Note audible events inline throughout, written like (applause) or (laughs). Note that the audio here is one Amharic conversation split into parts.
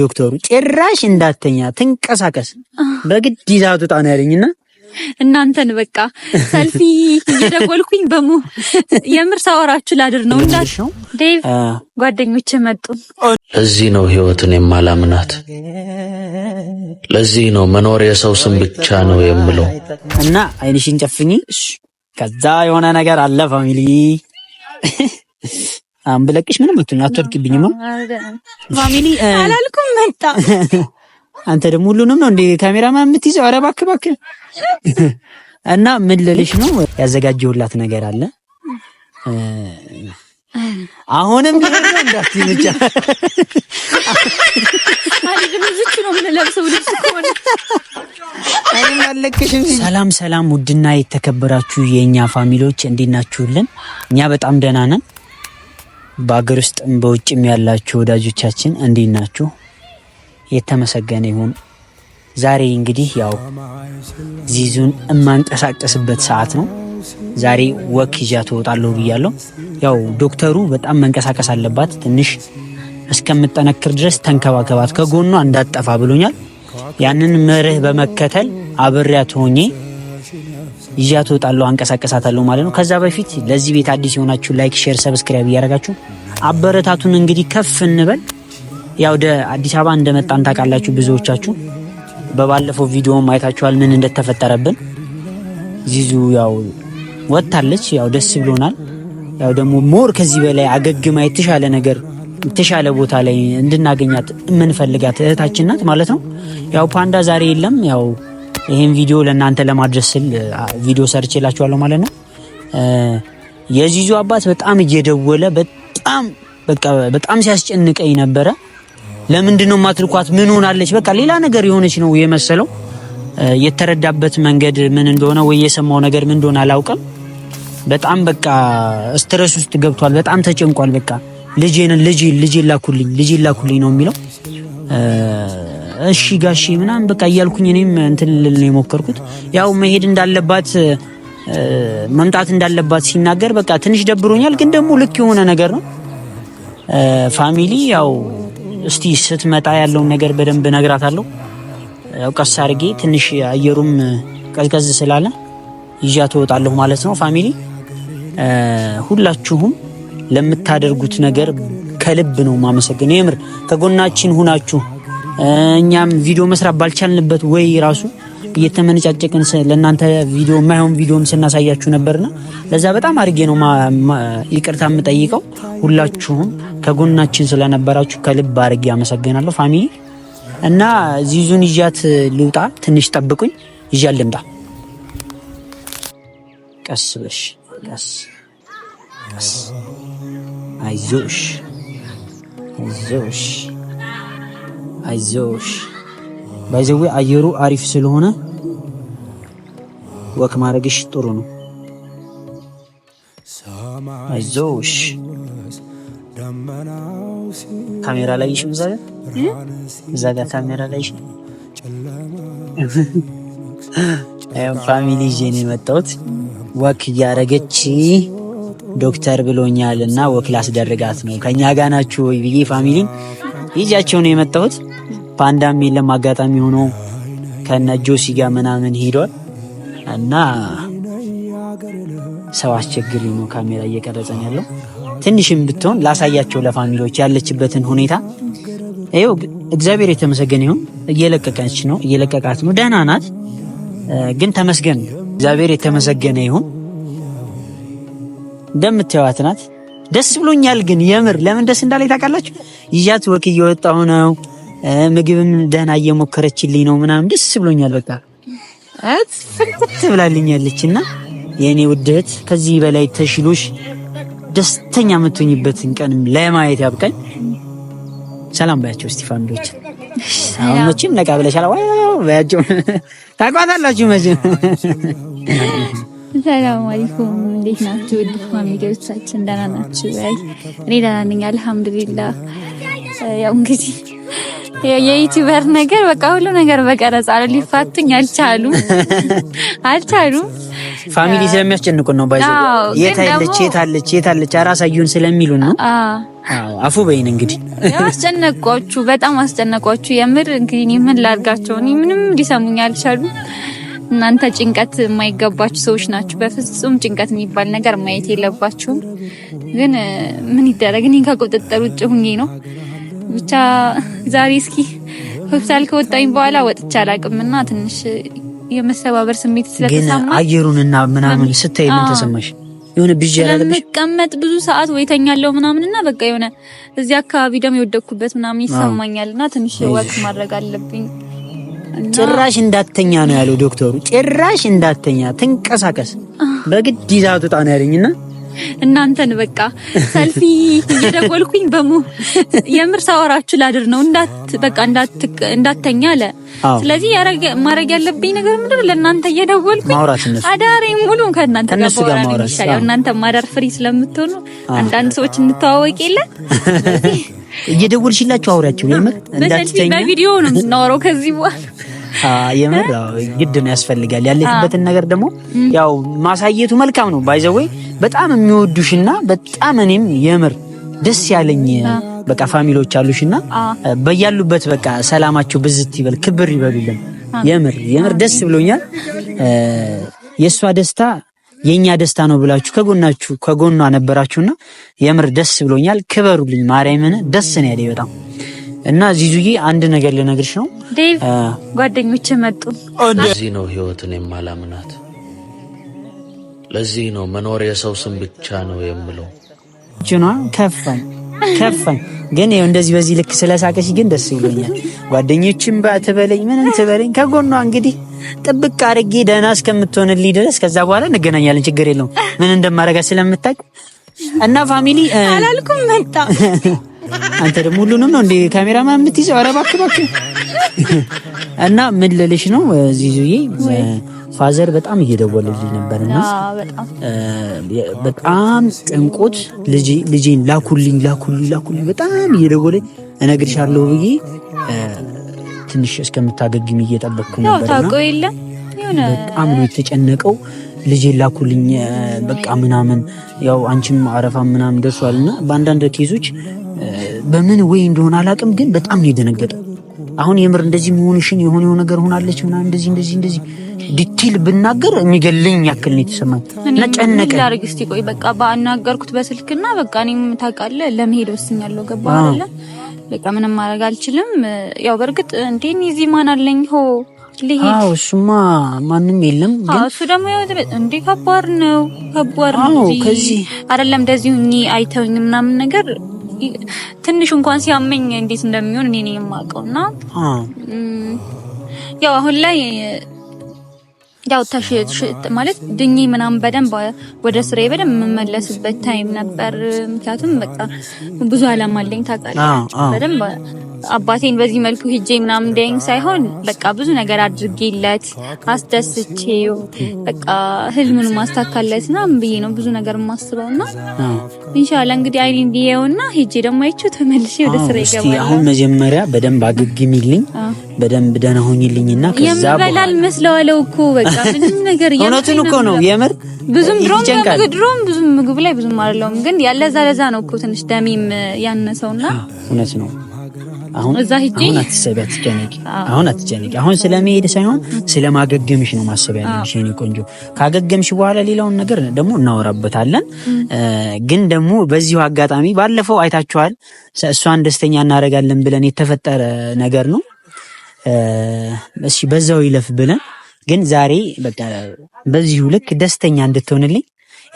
ዶክተሩ ጭራሽ እንዳተኛ ትንቀሳቀስ በግድ ይዛ ትውጣ ነው ያለኝና እናንተን በቃ ሰልፊ እየደወልኩኝ በሙ የምር ሳወራችሁ ላድር ነው ዴቭ ጓደኞች መጡ። ለዚህ ነው ህይወትን የማላምናት። ለዚህ ነው መኖር የሰው ስም ብቻ ነው የምለው። እና አይንሽን ጨፍኝ። ከዛ የሆነ ነገር አለ ፋሚሊ ብለቅሽ ምንም አትሆኝ፣ አትወድቅብኝም። ፋሚሊ አላልኩም መጣ። (laughs) አንተ ደግሞ ሁሉንም ነው እንደ ካሜራማን የምትይዘው? ኧረ እባክህ እባክህ። (laughs) እና ምን ልልሽ ነው ያዘጋጀሁላት ነገር አለ አሁንም እንዳትይንቻ ሰላም ሰላም፣ ውድና የተከበራችሁ የእኛ ፋሚሊዎች እንዴት ናችሁልን? እኛ በጣም ደህና ነን። በአገር ውስጥም በውጭም ያላችሁ ወዳጆቻችን እንዴት ናችሁ? የተመሰገነ ይሁን። ዛሬ እንግዲህ ያው ዚዙን የማንቀሳቀስበት ሰዓት ነው። ዛሬ ወክ ይዣ እወጣለሁ ብያለሁ። ያው ዶክተሩ በጣም መንቀሳቀስ አለባት ትንሽ እስከምጠነክር ድረስ ተንከባከባት፣ ከጎኗ እንዳጠፋ ብሎኛል። ያንን መርህ በመከተል አብሬያት ሆኜ ይዣት እወጣለሁ፣ አንቀሳቀሳታለሁ ማለት ነው። ከዛ በፊት ለዚህ ቤት አዲስ የሆናችሁ ላይክ፣ ሼር፣ ሰብስክራይብ እያደረጋችሁ አበረታቱን። እንግዲህ ከፍ እንበል። ያው ወደ አዲስ አበባ እንደመጣን ታውቃላችሁ ብዙዎቻችሁ። በባለፈው ቪዲዮ አይታችኋል ምን እንደተፈጠረብን። ዚዙ ያው ወጥታለች፣ ያው ደስ ብሎናል። ያው ደግሞ ሞር ከዚህ በላይ አገግማ የተሻለ ነገር የተሻለ ቦታ ላይ እንድናገኛት የምንፈልጋት እህታችን ናት ማለት ነው። ያው ፓንዳ ዛሬ የለም ያው ይህን ቪዲዮ ለእናንተ ለማድረስ ስል ቪዲዮ ሰርቼ ላችኋለሁ ማለት ነው። የዚዙ አባት በጣም እየደወለ በጣም በቃ በጣም ሲያስጨንቀኝ ነበረ። ለምንድን ነው የማትልኳት? ምን ሆናለች? በቃ ሌላ ነገር የሆነች ነው የመሰለው። የተረዳበት መንገድ ምን እንደሆነ ወይ የሰማው ነገር ምን እንደሆነ አላውቅም። በጣም በቃ ስትረስ ውስጥ ገብቷል። በጣም ተጨንቋል። በቃ ልጄን ልጄን ላኩልኝ ልጄን ላኩልኝ ነው የሚለው እሺ ጋሺ ምናምን በቃ እያልኩኝ እኔም እንትን ልል ነው የሞከርኩት። ያው መሄድ እንዳለባት መምጣት እንዳለባት ሲናገር በቃ ትንሽ ደብሮኛል፣ ግን ደግሞ ልክ የሆነ ነገር ነው። ፋሚሊ ያው እስቲ ስትመጣ ያለውን ነገር በደንብ እነግራታለሁ። ያው ቀስ አድርጌ ትንሽ አየሩም ቀዝቀዝ ስላለ ይዣ ትወጣለሁ ማለት ነው። ፋሚሊ ሁላችሁም ለምታደርጉት ነገር ከልብ ነው ማመሰግነው። የምር ከጎናችን ሁናችሁ እኛም ቪዲዮ መስራት ባልቻልንበት ወይ ራሱ እየተመነጫጨቅን ለእናንተ ቪዲዮ የማይሆን ቪዲዮም ስናሳያችሁ ነበርና ለዛ በጣም አድርጌ ነው ይቅርታ የምጠይቀው። ሁላችሁም ከጎናችን ስለነበራችሁ ከልብ አድርጌ አመሰግናለሁ። ፋሚሊ እና ዚዙን ይዣት ልውጣ፣ ትንሽ ጠብቁኝ፣ ይዣት ልምጣ። ቀስ በሽ ቀስ ቀስ፣ አይዞሽ አይዞሽ አይዞሽ። ባይዘዌ አየሩ አሪፍ ስለሆነ ወክ ማድረግሽ ጥሩ ነው። አይዞሽ። ካሜራ ላይ ይሽም እዛ ጋር ጋር ካሜራ ላይ ይሽም ፋሚሊ ይዤን የመጣሁት ወክ እያደረገች ዶክተር ብሎኛል እና ወክ ላስደርጋት ነው። ከእኛ ጋር ናችሁ ወይ ብዬ ፋሚሊን ይጃቸውን የመጣሁት ፓንዳም የለም። አጋጣሚ ሆኖ ከነ ጆሲ ጋር ምናምን ሄዷል እና ሰው አስቸግር ነው ካሜራ እየቀረጸን ያለው ትንሽም ብትሆን ላሳያቸው ለፋሚሊዎች ያለችበትን ሁኔታ ይኸው። እግዚአብሔር የተመሰገነ ይሁን እየለቀቀች ነው እየለቀቃት ነው። ደህና ናት ግን ተመስገን እግዚአብሔር የተመሰገነ ይሁን እንደምታዩት ናት። ደስ ብሎኛል። ግን የምር ለምን ደስ እንዳለኝ ታውቃላችሁ? ይዣት ወክ እየወጣሁ ነው። ምግብም ደህና እየሞከረችልኝ ነው ምናምን ደስ ብሎኛል። በቃ ፍንት ብላልኛለች እና የእኔ ውድህት ከዚህ በላይ ተሽሎሽ ደስተኛ የምትሆኝበትን ቀን ለማየት ያብቃኝ። ሰላም ባያቸው እስቲ ፋሚሊዎች። አሁን መቼም ነቃ ብለሻል። ዋው ባያቸው ታቋታላችሁ መቼም ሰላም አለይኩም እንዴት ናችሁ? ውድ ፋሚሊዎቻችን ደህና ናችሁ? አይ እኔ ደህና ነኝ አልሐምዱሊላህ። ያው እንግዲህ የዩቲዩበር ነገር በቃ ሁሉ ነገር በቀረጻ አለ ሊፋቱኝ አልቻሉም (laughs) አልቻሉም። ፋሚሊ ስለሚያስጨንቁ ነው ባይዘው የት አለች የት አለች የት አለች አራሳዩን ስለሚሉ ነው። አፉ በይን እንግዲህ አስጨነቋችሁ፣ በጣም አስጨነቋችሁ። የምር እንግዲህ ምን ላርጋቸው? ምንም ሊሰሙኝ አልቻሉም። እናንተ ጭንቀት የማይገባችሁ ሰዎች ናችሁ። በፍጹም ጭንቀት የሚባል ነገር ማየት የለባችሁም። ግን ምን ይደረግ፣ እኔ ከቁጥጥር ውጭ ሁኜ ነው። ብቻ ዛሬ እስኪ ሆስፒታል ከወጣኝ በኋላ ወጥቼ አላውቅም እና ትንሽ የመሰባበር ስሜት ስለተሰማ አየሩን እና ምናምን ስታይ ምን ተሰማሽ? የሆነ ብዥ ስለምቀመጥ ብዙ ሰዓት ወይ ተኛለው ምናምን እና በቃ የሆነ እዚህ አካባቢ ደግሞ የወደኩበት ምናምን ይሰማኛል እና ትንሽ ወቅት ማድረግ አለብኝ። ጭራሽ እንዳተኛ ነው ያለው ዶክተሩ። ጭራሽ እንዳተኛ ትንቀሳቀስ በግድ ይዛ ትውጣ ነው ያለኝና እናንተን በቃ ሰልፊ እየደወልኩኝ በሙ የምር ሳወራችሁ ላድር ነው እንዳት በቃ እንዳት እንዳተኛ አለ። ስለዚህ ማድረግ ያለብኝ ነገር ምንድን ለእናንተ እየደወልኩኝ አዳሬ ሙሉ ከእናንተ ጋር ማውራት ይሻላል። እናንተ ማዳር ፍሪ ስለምትሆኑ አንዳንድ ሰዎች እንተዋወቅ የለ (laughs) እየደወልሽላችሁ አውሪያቸው። የምር እንዳትተኛ በቪዲዮ ነው የምናወራው ከዚህ በኋላ የምር ግድ ነው ያስፈልጋል። ያለችበትን ነገር ደግሞ ያው ማሳየቱ መልካም ነው። ባይዘወይ በጣም የሚወዱሽና በጣም እኔም የምር ደስ ያለኝ በቃ ፋሚሊዎች አሉሽና በያሉበት በቃ ሰላማቸው ብዝት ይበል፣ ክብር ይበሉልን። የምር የምር ደስ ብሎኛል። የእሷ ደስታ የእኛ ደስታ ነው ብላችሁ ከጎናችሁ ከጎኗ ነበራችሁና የምር ደስ ብሎኛል። ክበሩልኝ። ማርያምን ደስ ነው ያለኝ በጣም እና ዚዙዬ አንድ ነገር ልነግርሽ ነው። ዴቭ ጓደኞቼ መጡ። እዚህ ነው ህይወትን የማላምናት። ለዚህ ነው መኖር የሰው ስም ብቻ ነው የምለው። ጅኗ ከፋኝ ከፋኝ፣ ግን ይኸው እንደዚህ በዚህ ልክ ስለሳቀሽ ግን ደስ ብሎኛል። ጓደኞችም ትበለኝ ምንም ትበለኝ ከጎኗ እንግዲህ ጥብቅ አድርጌ ደህና እስከምትሆንልኝ ድረስ ከዛ በኋላ እንገናኛለን። ችግር የለውም። ምን እንደማደርጋት ስለምታውቅ እና ፋሚሊ አላልኩም። መጣ አንተ ደግሞ ሁሉንም ነው እንደ ካሜራማን የምትይዘው? ኧረ እባክህ እባክህ። እና ምን ልልሽ ነው ዚዙዬ ፋዘር በጣም እየደወለልኝ ነበርና በጣም ጭንቆት ልጄን ላኩልኝ ላኩልኝ ላኩልኝ በጣም እየደወለኝ እነግርሻለሁ ብዬ ትንሽ እስከምታገግም እየጠበቅኩ ነበር። ታውቀው በጣም ነው የተጨነቀው። ልጅ ላኩልኝ በቃ ምናምን ያው አንቺም አረፋ ምናምን ደርሷል እና በአንዳንድ ኬዞች በምን ወይ እንደሆነ አላውቅም፣ ግን በጣም ነው የደነገጠው። አሁን የምር እንደዚህ መሆንሽን የሆነ ነገር ሆናለች ምናምን እንደዚህ እንደዚህ እንደዚህ ዲቴል ብናገር የሚገለኝ ያክል ነው የተሰማኝ እና ጨነቀ። ላርግ እስቲ ቆይ በቃ ባናገርኩት በስልክና በቃ እኔም ታውቃለህ ለመሄድ ወስኛለሁ ገባ አይደለ በቃ ምንም ማድረግ አልችልም። ያው በእርግጥ እንዴ እዚህ ማን አለኝ ሆ ልሄድ። አዎ ማንም የለም። ግን እሱ ደግሞ ያው እንዴ ከባድ ነው፣ ከባድ ነው። ከዚህ አይደለም እንደዚሁ እኚ አይተውኝ ምናምን ነገር ትንሽ እንኳን ሲያመኝ እንዴት እንደሚሆን እኔ ነኝ የማውቀውና ያው አሁን ላይ ያው ተሽሽ ማለት ድኝ ምናምን በደንብ ወደ ስሬ በደንብ የምመለስበት ታይም ነበር። ምክንያቱም በቃ ብዙ አላማ አለኝ ታውቃለህ። በደንብ አባቴን በዚህ መልኩ ሂጄ ምናምን እንዲያይኝ ሳይሆን በቃ ብዙ ነገር አድርጌለት አስደስቼው በቃ ህልሙን ማስታካለት ምናምን ብዬ ነው ብዙ ነገር የማስበው እና ኢንሻላ እንግዲህ አይዲን ብዬውና ሂጄ ደግሞ አይቼው ተመልሼ ወደ ስራ ይገባል። አሁን መጀመሪያ በደንብ አገግሚልኝ በደንብ ደህና ሆኝልኝ እና ከዛ በላል መስለዋለው እኮ በቃ ምንም ነገር እውነቱን እኮ ነው የምር ብዙም ድሮም ድሮም ብዙም ምግብ ላይ ብዙም አይደለሁም፣ ግን ያለዛ ለዛ ነው እኮ ትንሽ ደሜም ያነሰውና እውነት ነው። አሁን አትጨነቂ፣ አሁን አትጨነቂ። አሁን ስለመሄድ ሳይሆን ስለማገገምሽ ነው ማሰብ ያለብሽ የእኔ ቆንጆ። ካገገምሽ በኋላ ሌላውን ነገር ደግሞ እናወራበታለን። ግን ደግሞ በዚሁ አጋጣሚ ባለፈው አይታችኋል፣ እሷን ደስተኛ እናደርጋለን ብለን የተፈጠረ ነገር ነው። እሺ በዛው ይለፍ ብለን ግን ዛሬ በቃ በዚሁ ልክ ደስተኛ እንድትሆንልኝ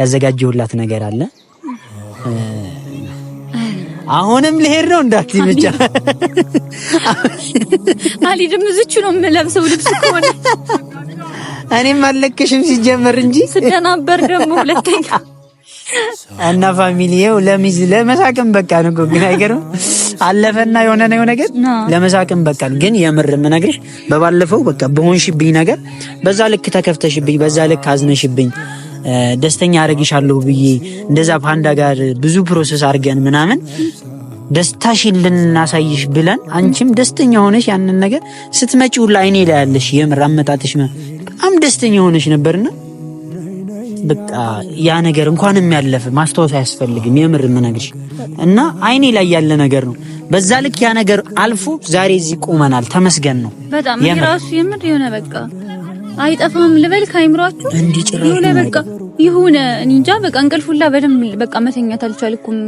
ያዘጋጀሁላት ነገር አለ አሁንም ልሄድ ነው እንዳትይ ብቻ አልሄድም። እዚቹ ነው የምለብሰው ልብስ ከሆነ እኔም አልለቅሽም ሲጀመር እንጂ ስደናበር ደግሞ ሁለተኛ እና ፋሚሊየው ለሚዝ ለመሳቅም በቃ ነው። ግን አይገርም አለፈና የሆነ ነው ነገር ለመሳቅም በቃ ግን የምር የምነግርሽ በባለፈው በቃ በሆንሽብኝ ነገር በዛ ልክ ተከፍተሽብኝ፣ በዛ ልክ አዝነሽብኝ ደስተኛ አረግሻለሁ ብዬ እንደዛ ፓንዳ ጋር ብዙ ፕሮሰስ አድርገን ምናምን ደስታሽን ልናሳይሽ ብለን አንቺም ደስተኛ ሆነሽ ያንን ነገር ስትመጪ ሁላ አይኔ ላይ ያለሽ የምር አመጣትሽ በጣም ደስተኛ ሆነሽ ነበርና በቃ ያ ነገር እንኳንም ያለፈ ማስታወስ አያስፈልግም። የምር የምነግርሽ እና አይኔ ላይ ያለ ነገር ነው። በዛ ልክ ያ ነገር አልፎ ዛሬ እዚህ ቆመናል። ተመስገን ነው በጣም የራሱ የምር የሆነ በቃ አይጠፋም ልበል ከአይምሯችሁ ይሁን በቃ ይሁን እንጃ በቃ እንቅልፉላ በደም በቃ መተኛት አልቻልኩም።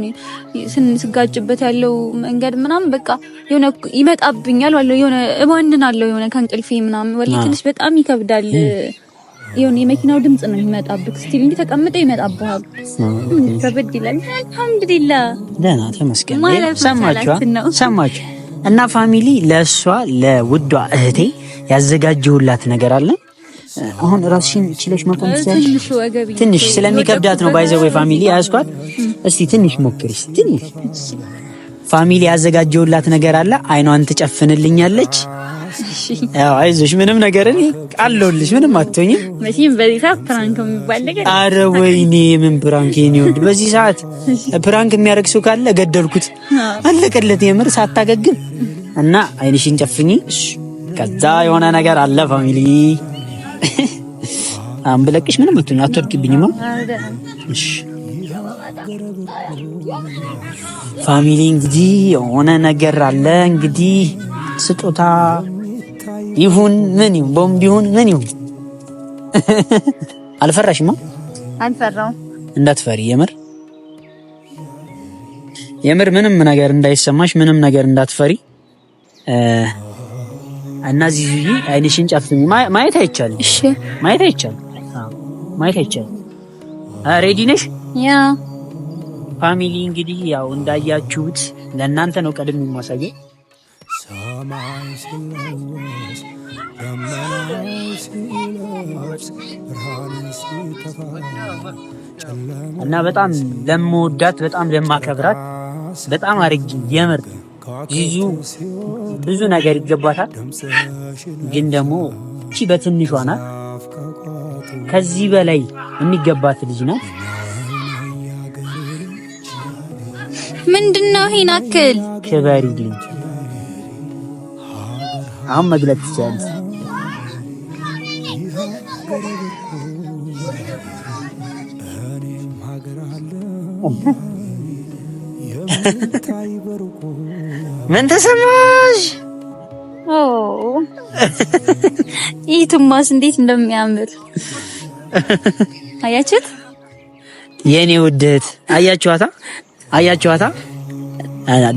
ስንስጋጭበት ያለው መንገድ ምናምን በቃ የሆነ ይመጣብኛል ዋለው የሆነ እባንናለሁ የሆነ ከእንቅልፌ ምናምን ወላሂ ትንሽ በጣም ይከብዳል። የሆነ የመኪናው ድምጽ ነው የሚመጣብህ። ስቲል እንዲህ ተቀምጠ ይመጣብሃል። ከበድ ይላል። አልሐምዱሊላህ ደህና ተመስገን። ሰማችሁ ሰማችሁ። እና ፋሚሊ ለእሷ ለውዷ እህቴ ያዘጋጀሁላት ነገር አለን አሁን ራስሽን ችለሽ መቆም ትችላለሽ። ትንሽ ስለሚከብዳት ነው ባይዘዌ ፋሚሊ ያስኳት። እስቲ ትንሽ ሞክሪ ትንሽ ፋሚሊ ያዘጋጀውላት ነገር አለ። አይኗን ትጨፍንልኛለች። ያው አይዞሽ፣ ምንም ነገር እኔ አለሁልሽ፣ ምንም አትሆኝም። መቼም በዚህ ሰዓት ፕራንክ የሚባል ነገር አረ ወይኔ፣ ምን ፕራንክ ይሄን ይወድ። በዚህ ሰዓት ፕራንክ የሚያደርግ ሰው ካለ ገደልኩት፣ አለቀለት። የምር ሳታገግም እና አይንሽን ጨፍኚ። ከዛ የሆነ ነገር አለ ፋሚሊ አንብለቅሽ ምንም አትሆኝ፣ አትወድቅብኝማ። ፋሚሊ እንግዲህ የሆነ ነገር አለ እንግዲህ ስጦታ ይሁን ምን ይሁን ቦምብ ይሁን ምን ይሁን (laughs) አልፈራሽማ? አልፈራው። እንዳትፈሪ የምር የምር ምንም ነገር እንዳይሰማሽ ምንም ነገር እንዳትፈሪ እና እዚህ አይንሽን ጨፍኝ። ማየት አይቻልም። እሺ፣ ማየት አይቻልም። ማየት አይቻልም። ሬዲ ነሽ? ያ ፋሚሊ እንግዲህ ያው እንዳያችሁት ለእናንተ ነው ቀድም የማሳየው። እና በጣም ለመወዳት በጣም ለማከብራት በጣም አርጊ የምር ጂጂ ብዙ ነገር ይገባታል፣ ግን ደግሞ እቺ በትንሿ ናት። ከዚህ በላይ የሚገባት ልጅ ናት። ምንድነው ይሄን አክል ክበሪልኝ። አሁን መግለጽ ትችላለች። እኔም (laughs) ምን ተሰማሽ? ይህ ቱማስ እንዴት እንደሚያምር አያችሁት? የእኔ ውደት አያችኋታ? አያችኋታ?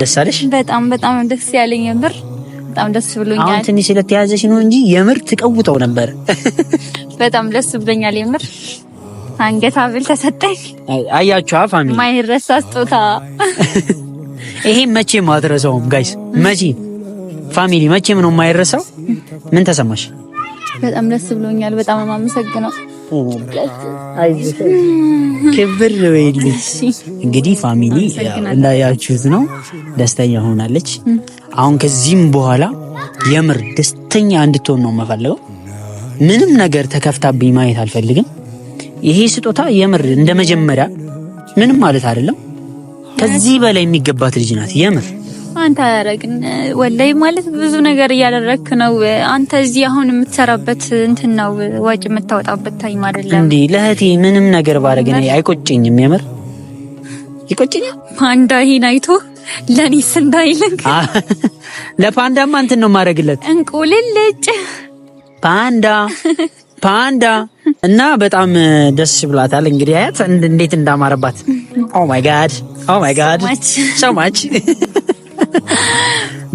ደስ አለሽ? በጣም በጣም ደስ ያለኝ የምር በጣም ደስ ብሎኛል። አሁን ትንሽ ስለተያዘሽ ነው እንጂ የምር ትቀውጠው ነበር። በጣም ደስ ብሎኛል የምር አንገት ሀብል ተሰጠኝ። አያችሁ ፋሚሊ ማይረሳ ስጦታ። ይሄ መቼም አትረሳውም ጋይስ፣ መቼ ፋሚሊ መቼም ነው የማይረሳው። ምን ተሰማሽ? በጣም ደስ ብሎኛል። በጣም የማመሰግነው ክብር ወይልሽ። እንግዲህ ፋሚሊ እንዳያችሁት ነው ደስተኛ ሆናለች። አሁን ከዚህም በኋላ የምር ደስተኛ እንድትሆን ነው የምፈልገው። ምንም ነገር ተከፍታብኝ ማየት አልፈልግም። ይሄ ስጦታ የምር እንደ መጀመሪያ ምንም ማለት አይደለም። ከዚህ በላይ የሚገባት ልጅ ናት የምር አንተ አያረግን ወላይ ማለት ብዙ ነገር እያደረግክ ነው። አንተ እዚህ አሁን የምትሰራበት እንትን ነው ወጪ የምታወጣበት ታይም አይደለም እንዴ? ለእህቴ ምንም ነገር ባረግ እኔ አይቆጭኝም። የምር ይቆጭኛል። ፓንዳ ይሄን አይቶ ለኔስ እንዳይልክ። ለፓንዳማ እንትን ነው ማረግለት እንቁልልጭ ፓንዳ ፓንዳ እና በጣም ደስ ብሏታል። እንግዲህ አያት እንዴት እንዳማረባት። ኦ ማይ ጋድ ኦ ማይ ጋድ ሶ ማች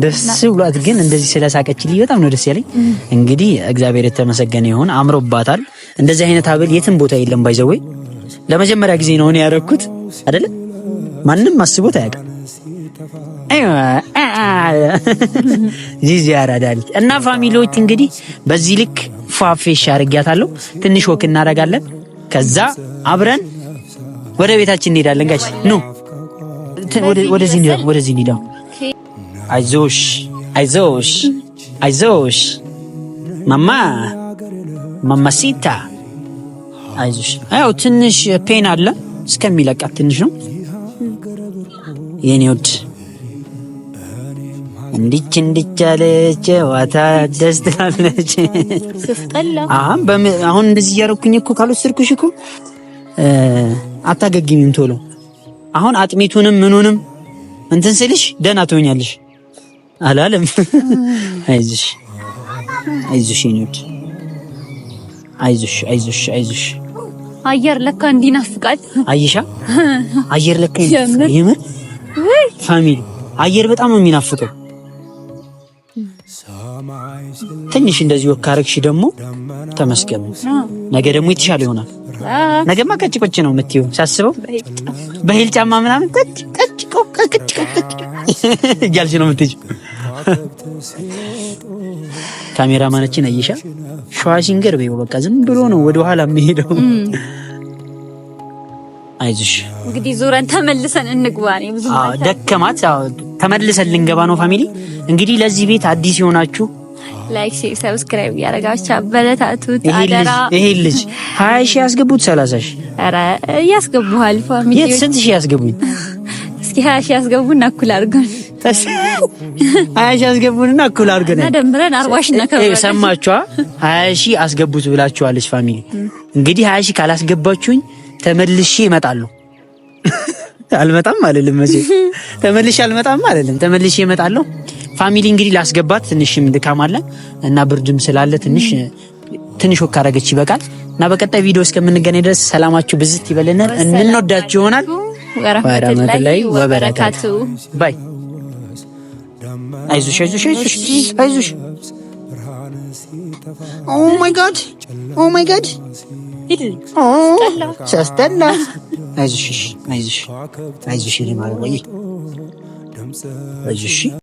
ደስ ብሏት ግን እንደዚህ ስለሳቀችልኝ በጣም ነው ደስ ያለኝ። እንግዲህ እግዚአብሔር የተመሰገነ ይሁን፣ አምሮባታል። እንደዚህ አይነት ሀብል የትም ቦታ የለም። ባይዘወይ ለመጀመሪያ ጊዜ ነው እኔ ያደረኩት አይደለ? ማንም አስቦት አያውቅም። (laughs) ዚዚ ያራዳል እና ፋሚሊዎች እንግዲህ በዚህ ልክ ፏፌሽ አድርጊያታለሁ። ትንሽ ወክ እናደርጋለን። ከዛ አብረን ወደ ቤታችን እንሄዳለን። ጋይስ ኑ ወደዚህ እንሄዳ ወደዚህ እንሄዳ። አይዞሽ አይዞሽ አይዞሽ ማማ ማማሲታ አይዞሽ። ያው ትንሽ ፔን አለ እስከሚለቃት ትንሽ ነው የኔ ወድ እንዲች እንዲች ዋታ ደስ ትላለች። አሁን እንደዚህ እያደረኩኝ እኮ ካልወሰድኩሽ እኮ አታገግሚም ቶሎ። አሁን አጥሚቱንም ምኑንም እንትን ስልሽ ደህና ትሆኛለሽ አላለም። አይዞሽ አይዞሽ አይዞሽ አይዞሽ አይዞሽ። አየር ለካ እንዲናፍቃል። አይሻ አየር ለካ ይምር ፋሚሊ አየር በጣም ነው የሚናፍቀው። ትንሽ እንደዚህ ወካረግሽ ደግሞ ተመስገኑ። ነገ ደግሞ የተሻለ ይሆናል። ነገማ ቀጭ ቆጭ ነው የምትይው ሳስበው በሂል ጫማ ምናምን ቀጭ ቀጭ ቀጭ እያልሽ ነው የምትይው። ካሜራማናችን አይሻ ሸዋ ሲንገር በይው በቃ ዝም ብሎ ነው ወደኋላ የሚሄደው። አይዞሽ እንግዲህ ዙረን ተመልሰን እንግባ። ብዙ ደከማት፣ ተመልሰን ልንገባ ነው። ፋሚሊ እንግዲህ ለዚህ ቤት አዲስ የሆናችሁ ላይክ፣ ሼር፣ ሰብስክራይብ እያደረጋችሁ አበረታቱት። አደራ ይሄ ልጅ ሀያ ሺህ ያስገቡት ሰላሳ ሺህ ኧረ ያስገቡሃል። ፋሚሊ የት ስንት ሺህ ያስገቡኝ? እስኪ ሀያ ሺህ ያስገቡና እኩል አድርገን ሀያ ሺህ አስገቡንና እኩል አድርገን ደምረን አርባ ሺህ እናከብራለን። ሰማችኋ? ሀያ ሺህ አስገቡት ብላችኋለች ፋሚሊ። እንግዲህ ሀያ ሺህ ካላስገባችሁኝ ተመልሼ እመጣለሁ። (laughs) አልመጣም አልልም መቼ (laughs) ተመልሼ አልመጣም አልልም፣ ተመልሼ እመጣለሁ። ፋሚሊ እንግዲህ ላስገባት ትንሽም ድካም አለ እና ብርድም ስላለ ትንሽ ትንሽ ወካረገች ይበቃል። እና በቀጣይ ቪዲዮ እስከምንገናኝ ድረስ ሰላማችሁ ብዝት ይበልን። እንንወዳችሁ ይሆናል። ወረህመቱላሂ ወበረካቱ ባይ። አይዞሽ አይዞሽ አይዞሽ አይዞሽ። ኦ ማይ ጋድ ኦ ማይ ጋድ ሲያስጠላ አይዞሽ፣ አይዞሽ፣ አይዞሽ።